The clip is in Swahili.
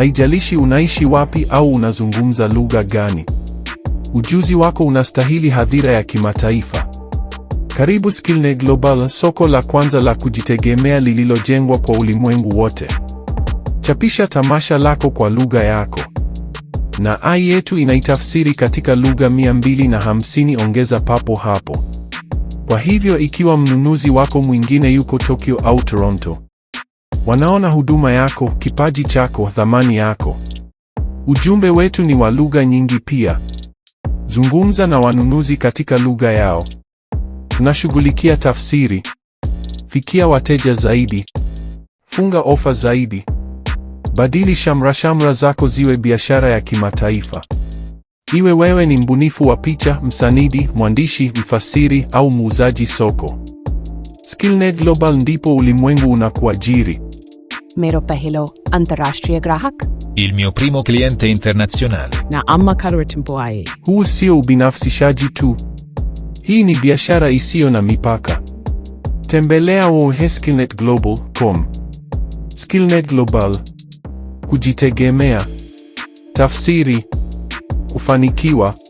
Haijalishi unaishi wapi au unazungumza lugha gani, ujuzi wako unastahili hadhira ya kimataifa. Karibu Skillnet Global, soko la kwanza la kujitegemea lililojengwa kwa ulimwengu wote. Chapisha tamasha lako kwa lugha yako, na AI yetu inaitafsiri katika lugha 250 ongeza papo hapo. Kwa hivyo ikiwa mnunuzi wako mwingine yuko Tokyo au Toronto, Wanaona huduma yako, kipaji chako, thamani yako. Ujumbe wetu ni wa lugha nyingi pia. Zungumza na wanunuzi katika lugha yao. Tunashughulikia tafsiri. Fikia wateja zaidi. Funga ofa zaidi. Badili shamrashamra zako ziwe biashara ya kimataifa. Iwe wewe ni mbunifu wa picha, msanidi, mwandishi, mfasiri au muuzaji soko. Skillnet Global ndipo ulimwengu unakuajiri mero pahilo antarashtriya grahak? Il mio primo cliente internazionale. na amma ama tempo ai. Huu sio ubinafsishaji tu, hii ni biashara isiyo na mipaka. Tembelea www.skillnetglobal.com. Skillnet Global, kujitegemea, tafsiri, kufanikiwa.